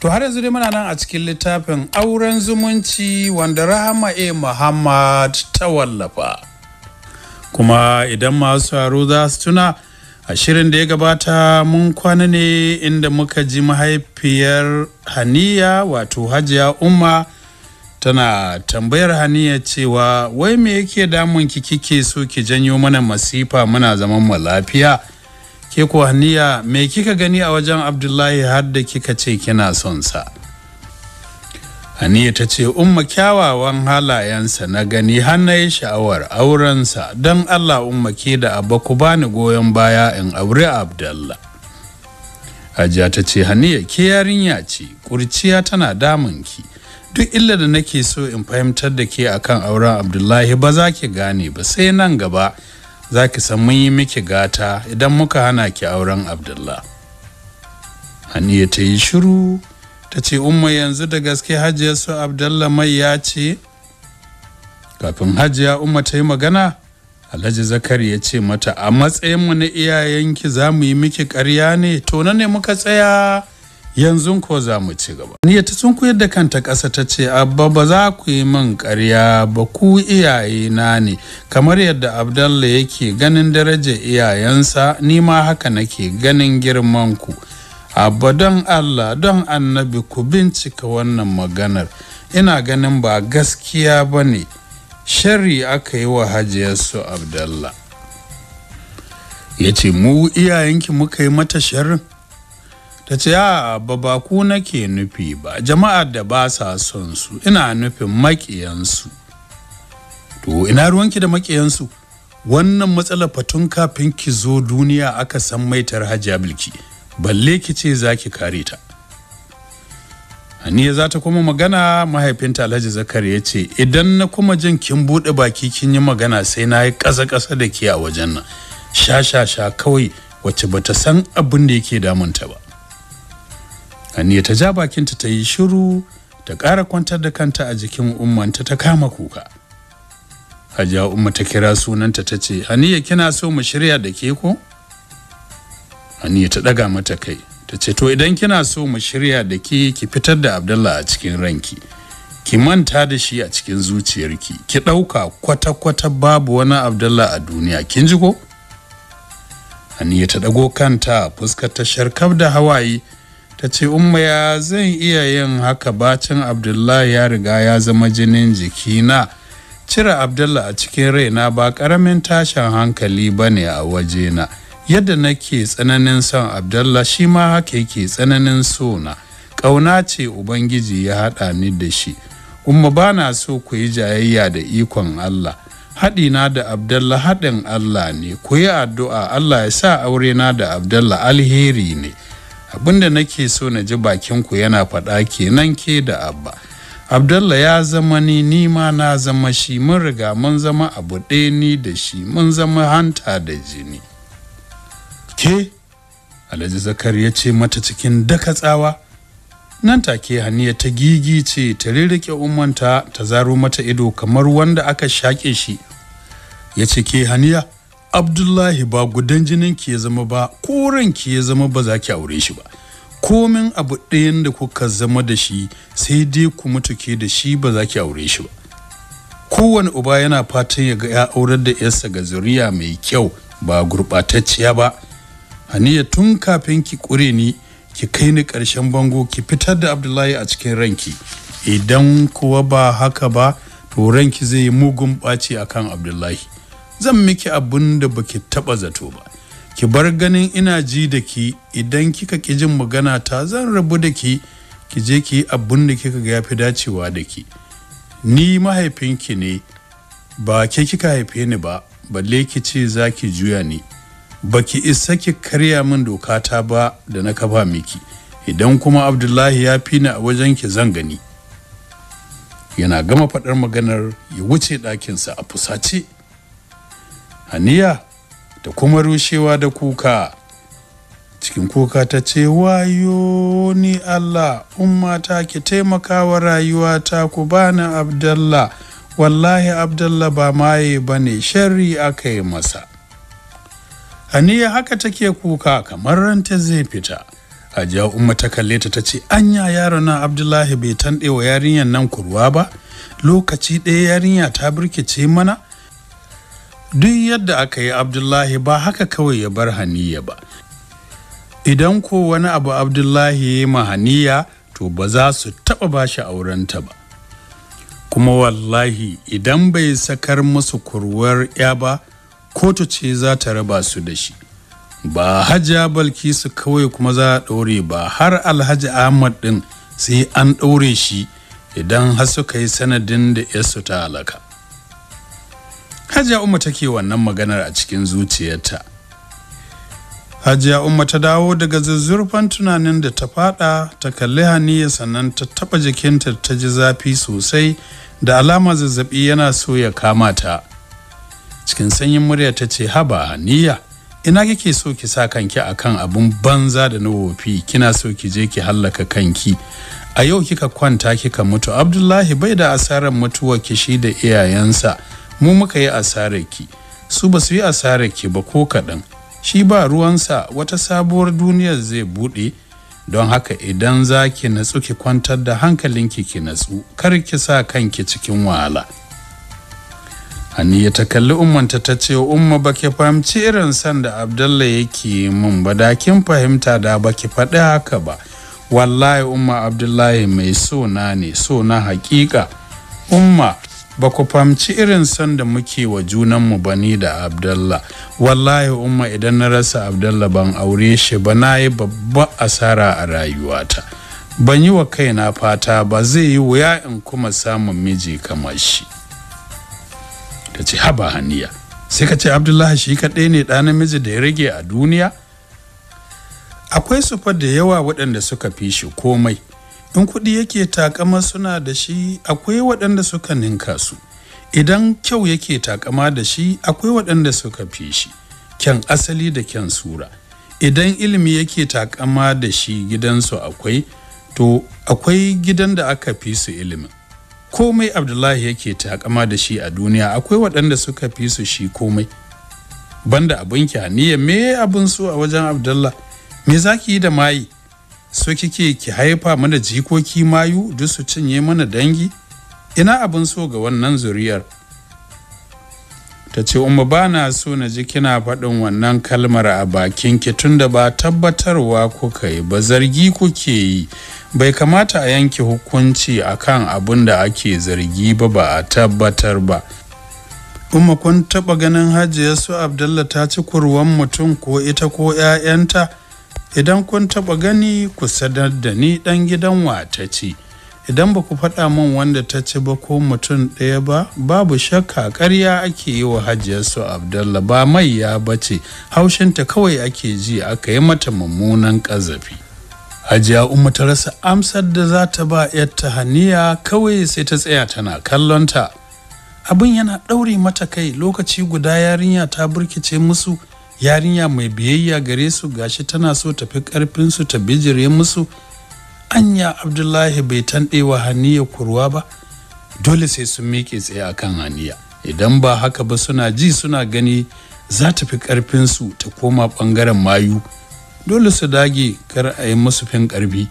to har yanzu dai muna nan a cikin littafin auren zumunci wanda rahama e muhammad ta wallafa kuma idan masu haro za su tuna a shirin da ya gabata mun kwana ne inda muka ji mahaifiyar haniya wato hajiya umma tana tambayar haniya cewa wai me yake damun ki kike so ki janyo mana masifa muna zaman mu lafiya ke ko haniya me kika gani a wajen abdullahi har da kika ce kina son sa haniya ta ce umma kyawawan halayensa na gani har na yi sha'awar aurensa don allah umma ke da abba ku bani goyon baya in aure abdullah hajiya ta ce haniya ke yarinya ce kurciya tana ki, duk illa da nake so in fahimtar da ke akan auren abdullahi ba za ki gane ba sai nan gaba za ki san mun yi miki gata idan muka hana ki auren abdullah haniya ta yi shiru ta ce umma yanzu da gaske Hajiya su abdullah mai ya ce kafin hajiya umma ta yi magana alhaji zakari ya ce mata a matsayinmu na iyayenki za mu yi miki karya ne to ne muka tsaya yanzu ko za mu ci gaba ni ta sun koyar da kanta ƙasa ta ce abba ba za ku yi min ƙarya ba ku iyaye na ne kamar yadda abdallah yake ganin daraja iyayensa ni ma haka nake ganin girman ku abba don allah don annabi ku bincika wannan maganar ina ganin ba gaskiya ba ne shari aka yi wa hajiyarsu abdallah ya ce mu iyayenki muka yi mata sharrin ta ce a ba ku nake nufi ba jama'a da ba sa son su ina nufin maƙiyansu to ina ruwanki da maƙiyansu wannan matsala fatun kafin ki zo duniya aka san maitar hajiya bilki balle ki ce za ki kare ta aniya za ta kuma magana mahaifinta Alhaji Zakar ya ce idan na kuma jin kin buɗe baki kin yi magana sai na yi ƙasa-ƙasa da ke a wajen nan sha sha sha kawai wacce bata san abin da yake damunta ba Aniya ta ja bakinta ta yi shiru ta ƙara kwantar da kanta a jikin ummanta ta kama kuka hajiya umma ta kira sunanta ta ce Aniya kina so mu shirya da ke ko Aniya ta ɗaga mata kai ta ce to idan kina so mu shirya da ke ki fitar da abdullah a cikin ranki ki manta da shi a cikin zuciyarki ki ɗauka kwata-kwata babu wani abdullah a duniya kin ji ko haniya ta ɗago kanta fuskar ta sharkaf da hawaye ta ce umma ya zan iya yin haka bacin abdullahi ya riga ya zama jinin jikina cire abdullahi a cikin raina ba karamin tashin hankali ba ne a na. yadda nake tsananin son abdullahi shi ma haka yake tsananin na. ƙauna ce ubangiji ya haɗa ni da shi umma ba na so ku yi jayayya da ikon allah haɗina da abdalla haɗin Allah ne, ku yi addu'a Allah ya sa aure na da abdalla alheri ne, abinda nake so na ji bakinku yana faɗa kenan ke da abba abdalla ya zama ni nima na zama shi mun riga mun zama abu ɗaya ni da shi mun zama hanta da jini ke alhaji zakar ya ce mata cikin daka tsawa nan take haniya ta gigi ce ta rirrike umanta ta zaro mata ido kamar wanda aka shaƙe shi ya ce ke haniya abdullahi ba gudan jinin ki ya zama ba ko ranki ya zama ba za ki aure shi ba komin abu ɗayan da kuka zama da shi sai dai ku mutu ke da shi ba za ki aure shi ba kowane uba yana fatan ya ga ya aurar da yarsa ga zuriya mai kyau ba gurɓatacciya ba haniya tun kafin ki ƙure ni ki kai ni ƙarshen bango ki fitar da abdullahi a cikin ranki idan kuwa ba haka ba to ranki zai yi mugun ɓaci akan abdullahi zan miki abunda da baki taɓa zato ba ki bar ganin ina ji da ki idan kika ki jin magana ta zan rabu da ki ki je ki abun da kika ga yafi dacewa da ki ni mahaifinki ne ba ke kika haife ni ba balle ki ce za ki juya ni baki isa ki karya min dokata ba da na kafa miki idan kuma abdullahi ya fi ni a wajen ki zan gani yana gama faɗar maganar ya wuce ɗakinsa a fusace haniya da kuma rushewa da kuka cikin kuka ta ce wayo ni Allah ummata ki taimakawa wa rayuwata ku bani abdallah wallahi abdallah ba maye ba ne sharri aka yi masa haniya haka take kuka kamar ranta zai fita hajiya umma ta kalle ta ta ce anya yaro na abdullahi bai tanɗe wa yarinyar nan kurwa ba lokaci ɗaya yarinya ta birkice mana duk yadda aka yi abdullahi ba haka kawai ya bar haniya ba idan ko wani abu abdullahi ya ma haniya to ba za su taɓa ba shi aurenta ba kuma wallahi idan bai sakar musu kurwar ya ba kotu ce za ta raba su da shi ba hajja balkisu kawai kuma za a ɗore ba har alhaji ahmad din sai an ɗaure shi idan har suka yi sanadin da su ta halaka hajiya umma take wannan maganar a cikin zuciyarta hajiya umma ta dawo daga zuzzurfan tunanin da ta fada ta kalli haniya sannan ta taba jikinta ta ji zafi sosai da alama zazzabi yana so ya kama ta cikin sanyin murya ta ce haba haniya ina kike so ki sa kanki akan abun banza da na wofi kina so ki je ki hallaka kanki a yau kika kwanta kika mutu abdullahi bai da asarar mutuwar ki shi da iyayensa mu muka yi ki su ba su yi ki ba ko kaɗan shi ba ruwansa wata sabuwar duniya zai buɗe don haka idan za ki natsu ki kwantar da hankalinki ki natsu kar ki sa kanki cikin wahala ya ta kalli ummanta ta ce umma ba ki fahimci irin san da Abdalla yake mun ba da kin fahimta da ba ki faɗi haka ba. Wallahi umma Abdullahi mai so na ne so na haƙiƙa. Umma ba ku fahimci irin son da muke wa junanmu ba ni da abdallah wallahi umma idan na rasa abdallah ban aure shi ba na yi babba asara a rayuwata ban yi wa kaina fata ba zai yi wuya in kuma samun miji kamar shi ta ce haba haniya sai ka ce abdullahi shi kaɗai ne ɗa namiji da ya rage a duniya akwai sufa da yawa waɗanda suka fi shi komai in kuɗi yake takama suna da shi akwai waɗanda suka ninka su idan kyau yake takama da shi akwai waɗanda suka fi shi kyan asali da kyan sura idan ilimi yake takama da shi gidansu akwai to akwai gidan da aka fi su ilimin komai abdullahi yake takama da shi a duniya akwai waɗanda suka fi su shi komai banda abin kyaniya me abin su a wajen abdullah me zaki yi da mayi so kike ki haifa mana jikoki mayu duk su cinye mana dangi ina abin so ga wannan zuriyar ta ce umma ba na so na ji kina faɗin wannan kalmar a bakin ki tunda ba tabbatarwa kuka yi ba zargi kuke yi bai kamata a yanke hukunci akan abin da ake zargi ba ba a tabbatar ba umma kun taɓa ganin hajiya su Abdullahi ta ci kurwan mutum ko ita ko 'ya'yanta idan kun taɓa gani ku sadar da ni ɗan gidan wata ce idan ba ku faɗa min wanda ta ci ba ko mutum ɗaya ba babu shakka ƙarya ake yi wa su abdallah ba mai ya bace haushinta kawai ake ji aka yi mata mummunan ƙazafi hajiya umma ta rasa amsar da za ta ba 'yar haniya kawai sai ta tsaya tana kallonta abin yana ɗaure mata kai lokaci guda yarinya ta burkice musu yarinya mai biyayya gare su gashi tana so ta tafi karfinsu ta bijire musu anya abdullahi bai tanɗewa haniya kurwa ba dole sai su miƙe tsaye akan haniya idan ba haka ba suna ji suna gani za ta fi ƙarfinsu ta koma ɓangaren mayu dole su dage kar a yi musu fin ƙarfi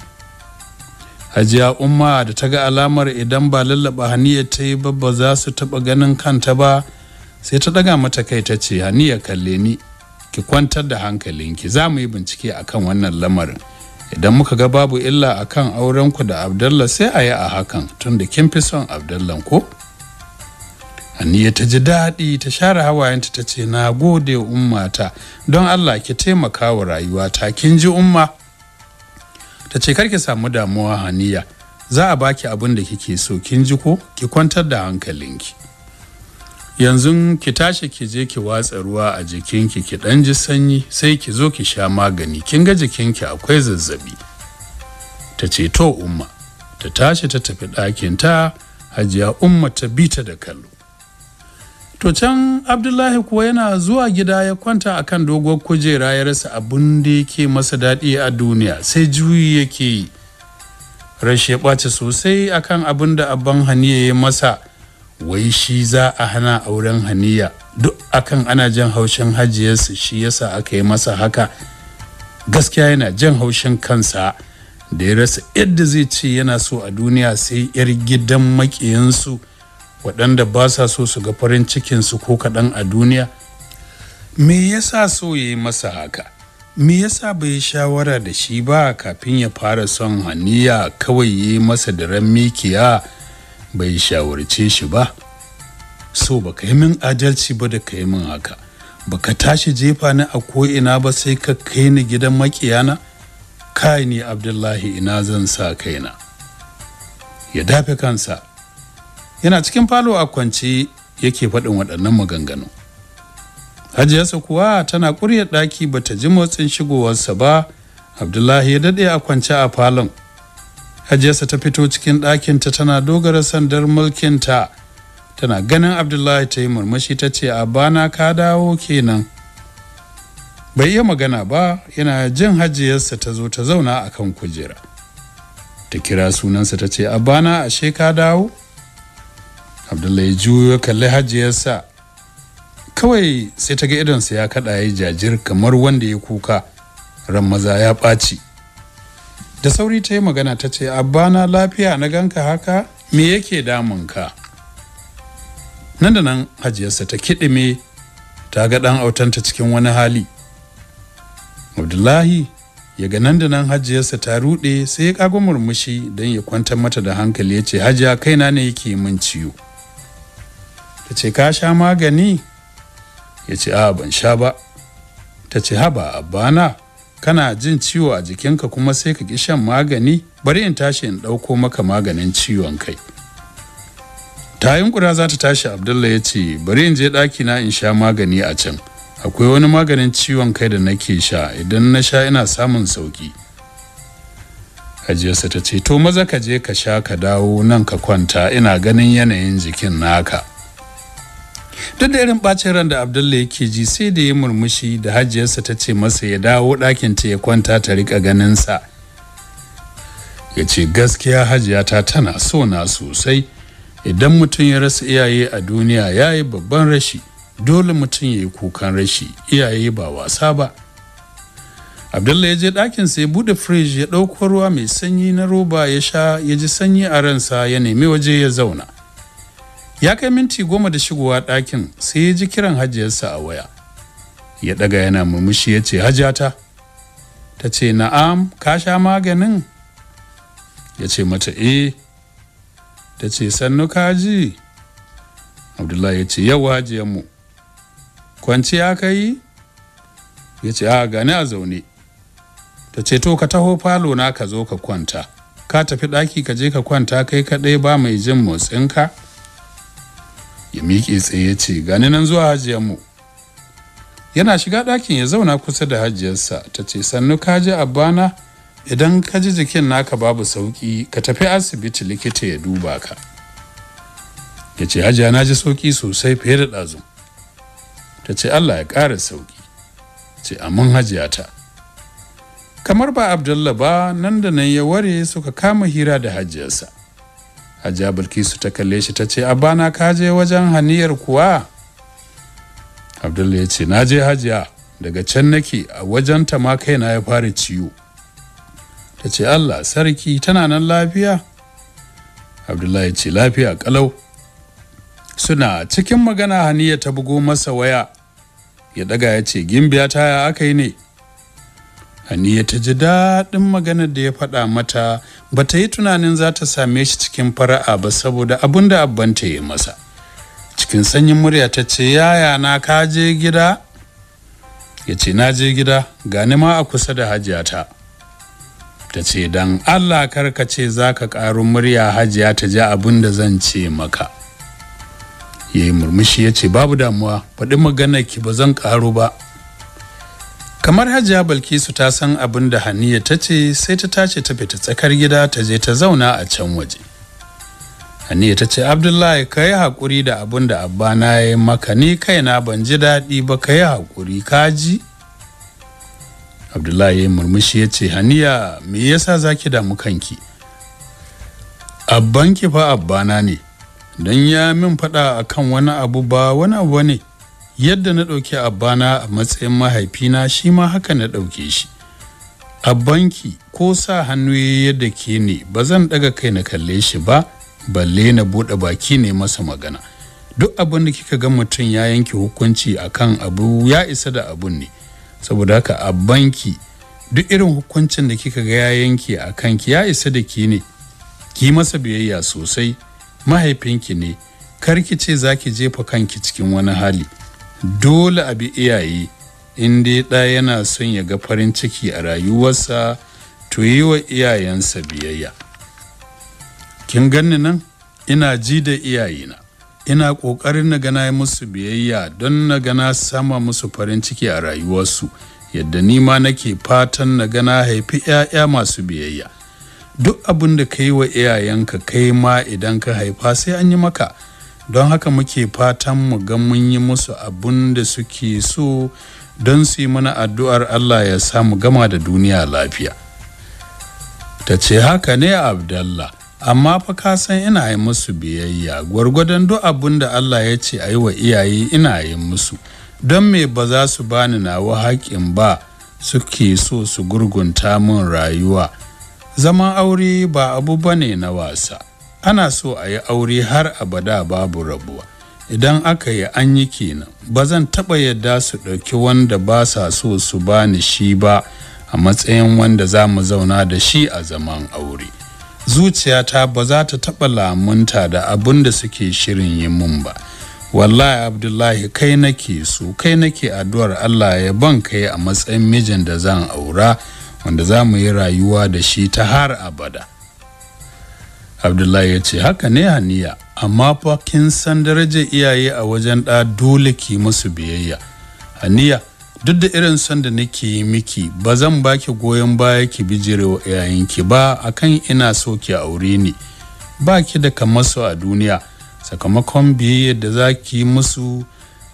hajiya umma da ta ga alamar idan ba lallaba haniya ta yi ba ba za su taɓa ganin kanta ba sai ta ɗaga mata kai ta ce haniya kalle ni ki kwantar da hankalinki za mu yi bincike akan wannan lamarin idan muka ga babu illa a akan aurenku da abdalla sai a yi a hakan tunda kin fi son Abdullan ko aniya ta ji daɗi ta share hawayenta ta ce na gode ummata don allah ki taimaka wa rayuwata kin ji umma ta ce kar ki samu damuwa haniya za a baki abin da kike so kin ji ko ki kwantar da hankalinki yanzu ki tashi ki je ki watsa ruwa a jikinki ki dan ji sanyi sai ki zo ki sha magani kin ga jikinki akwai zazzabi ta ce to umma ta tashi ta tafi ɗakin ta hajiya umma ta bi ta da kallo to can abdullahi kuwa yana zuwa gida ya kwanta akan doguwar kujera ya rasa abin da yake masa daɗi a duniya sai juyi yake yi rashe ɓace sosai akan abin da abban haniye ya masa wai shi za a hana auren haniya duk akan ana jan haushin hajiyarsa shi yasa aka yi masa haka gaskiya yana jan haushin kansa da ya rasa yadda zai ce yana so a duniya sai yar gidan makiyansu waɗanda ba sa so su ga farin cikinsu ko kaɗan a duniya me yasa so ya yi masa haka me yasa bai shawara da shi ba kafin ya fara son haniya kawai ya yi masa da ran mikiya bai shawarce shi ba so ka yi min adalci ba da ka yi min haka Ba ka tashi jefa ni a ko'ina ba sai ka kai ni gidan makiyana kai ni abdullahi ina zan sa kaina ya dafe kansa yana cikin falo a kwance yake faɗin waɗannan maganganu hajiyarsa kuwa tana ƙuryar ɗaki ba ta ji motsin shigowarsa ba abdullahi ya daɗe a kwance a falon hajiyarsa ta fito cikin ɗakinta tana dogara sandar mulkinta tana ganin abdullahi ta yi murmushi ta ce a bana ka dawo kenan bai iya magana ba yana jin hajiyarsa ta zo ta zauna a kan kujera ta kira sunansa ta ce a bana ashe ka dawo abdullahi juyo kalli hajiyarsa kawai sai ta ga idonsa ya kaɗa ya jajir kamar wanda ya kuka ran maza ya ɓaci da sauri ta yi magana ta ce abba na lafiya na ganka haka me yake damunka nan da nan hajiyarsa ta kiɗime ta ga ɗan autanta cikin wani hali abdullahi ya ga nan da nan hajiyarsa ta ruɗe sai ya ƙago murmushi don ya kwantar mata da hankali ya ce hajiya kaina ne yake min ciwo ta ce ka sha magani ya ce a ban sha ba ta ce haba na? kana jin ciwo a jikinka kuma sai ka ki shan magani bari in tashi in ɗauko maka maganin ciwon kai ta yunƙura za ta tashi abdullahi ya ce bari in je ɗaki na in sha magani a can akwai wani maganin ciwon kai da nake sha idan na sha ina samun sauki hajiyarsa ta ce to maza ka je ka sha ka dawo nan ka kwanta ina ganin yanayin jikin naka duk da irin bacin ran da abdullahi yake ji sai da ya murmushi da hajiyarsa ta ce masa ya dawo ɗakin ta ya kwanta ta rika ganinsa ya ce gaskiya hajiyata tana so na sosai idan mutum ya rasa iyaye a duniya ya yi babban rashi dole mutum ya yi kukan rashi iyaye ba wasa ba abdullahi ya je ɗakinsa ya buɗe firij ya ɗauko ruwa mai sanyi na roba ya sha ya ji sanyi a ransa ya nemi waje ya zauna ya kai minti goma da shigowa ɗakin sai ya ji kiran hajiyarsa a waya ya ɗaga yana murmushi ya ce hajiyata ta ce na'am ka sha maganin ya ce mata e ta ce sannu kaji abdullahi ya ce yau hajiyarmu kwanci ya kai ya ce a gani a zaune ta ce to ka taho falo na ka zo ka kwanta ka tafi ɗaki ka je ka kwanta kai kaɗai ba mai jin motsinka ya miƙe tsaye ya ce gani nan zuwa mu yana shiga ɗakin ya zauna kusa da hajiyarsa ta ce sannu ka ji abana idan ka ji jikin naka babu sauƙi ka tafi asibiti likita ya duba ka ya ce hajiya na ji sauƙi sosai fiye da ɗazu ta ce allah ya ƙara sauƙi ce amin hajiya ta kamar ba abdullah ba nan da nan ya ware suka kama hira da hajiyarsa hajiya bilkisu ta kalle shi ta ce abana ka je wajen haniyar kuwa abdullahi ya ce na je hajiya daga can nake a wajen ta ma kaina ya fara ciwo ta ce allah sarki tana nan lafiya abdullahi ya ce lafiya kalau suna cikin magana haniya ta bugo masa waya ya daga ya ce gimbiya ta ya aka yi ne ya ta ji daɗin maganar da ya faɗa mata ba ta yi tunanin za ta same shi cikin fara'a ba saboda abin da abban ta yi masa. Cikin sanyin murya ta ce yaya na ka je gida? Ya ce na je gida gani ma a kusa da hajiyata. Ta ce don Allah karka ce za ka ƙaru murya hajiya ta ji abin da zan ce maka. Ya yi murmushi ya ce babu damuwa faɗi maganar ki ba zan ƙaru ba. kamar hajiya balkisu ta san abin da haniya ta ce sai ta tace ta fita tsakar gida ta je ta zauna a can waje haniya ta ce abdullahi ka yi haƙuri da abin da Abbana na ya yi maka ni kaina ban ji daɗi ba ka yi haƙuri ka ji abdullahi ya murmushi ya ce haniya me yasa za ki damu kanki abban ki fa abbana ne don ya min faɗa akan wani abu ba wani abu ne yadda na ɗauki abbana a matsayin mahaifina shi ma haka na ɗauke shi abbanki ko sa hannu yadda ke ne ba zan ɗaga kai na kalle shi ba balle na buɗe baki ne masa magana duk abin da kika ga mutum ya yanke hukunci akan abu ya isa da abun ne saboda haka abbanki duk irin hukuncin da kika ga ya yanke a kanki ya isa da ki ne ki masa biyayya sosai mahaifinki ne kar ki ce za ki jefa kanki cikin wani hali dole a bi iyaye in dai ɗa yana son ya ga farin ciki a rayuwarsa to yi wa iyayensa biyayya kin ganni nan ina ji da iyayena ina ƙoƙarin na gana musu biyayya don na gana sama musu farin ciki a rayuwarsu yadda ni ma nake fatan na gana haifi 'ya'ya masu biyayya duk abin da ka yi wa iyayenka kai ma idan ka haifa sai an yi maka don haka muke fatan mu ga mun yi musu abun da suke so don su yi mana addu'ar Allah ya sa mu gama da duniya lafiya ta ce haka ne abdallah amma fa ka san ina yi musu biyayya gwargwadon duk abun da Allah ya ce a yi wa iyaye ina yi musu don me ba za su bani nawa haƙƙin ba suke so su gurgunta mun rayuwa zaman aure ba abu bane na wasa ana so a yi aure har abada babu rabuwa idan aka yi an yi kenan ba zan taɓa yadda su ɗauki wanda ba sa so su bani shi ba a matsayin wanda za mu zauna da shi a zaman aure zuciyata ba za ta taɓa lamunta da abin da suke shirin yi mun ba wallahi abdullahi kai nake so kai nake addu'ar allah ya ban kai a matsayin mijin da zan aura wanda za mu yi rayuwa da shi ta har abada abdullahi ya ce haka ne haniya amma fa kin san darajar iyaye a wajen ɗa dole ki musu biyayya haniya duk da irin son da nake yi miki ba zan baki goyon baya ki bijirewa iyayenki ba akan ina so ki aure ni ba ki da kamasu a duniya sakamakon biyayya da zaki yi musu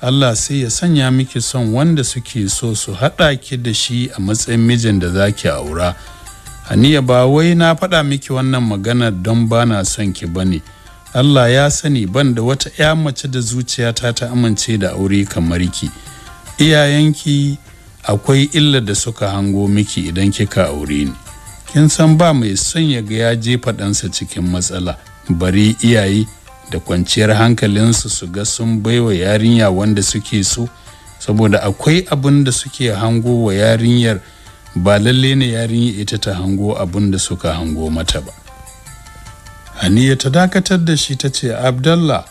Allah sai ya sanya miki son wanda suke so su haɗa ki da shi a matsayin mijin da za ki aura. haniya ba wai na faɗa miki wannan magana don ba na son ki ba ne allah ya sani ban da wata 'ya mace da zuciyata ta amince da aure kamar ki iyayenki akwai illa da suka hango miki idan kika aure ni kin san ba mai son ya ga ya jefa ɗansa cikin matsala bari iyaye da kwanciyar hankalinsu su ga sun baiwa yarinya wanda suke so saboda akwai abin da suke hango wa yarinyar ba lalle ne yarinya ita ta hango abin da suka hango mata ba haniya ta dakatar da shi ta ce abdallah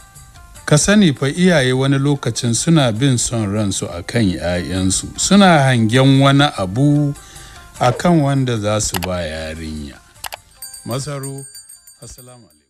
ka sani fa iyaye wani lokacin suna bin son ransu a kan ‘ya'yansu suna hangen wani abu akan wanda za su ba yarinya Masaru, assalamu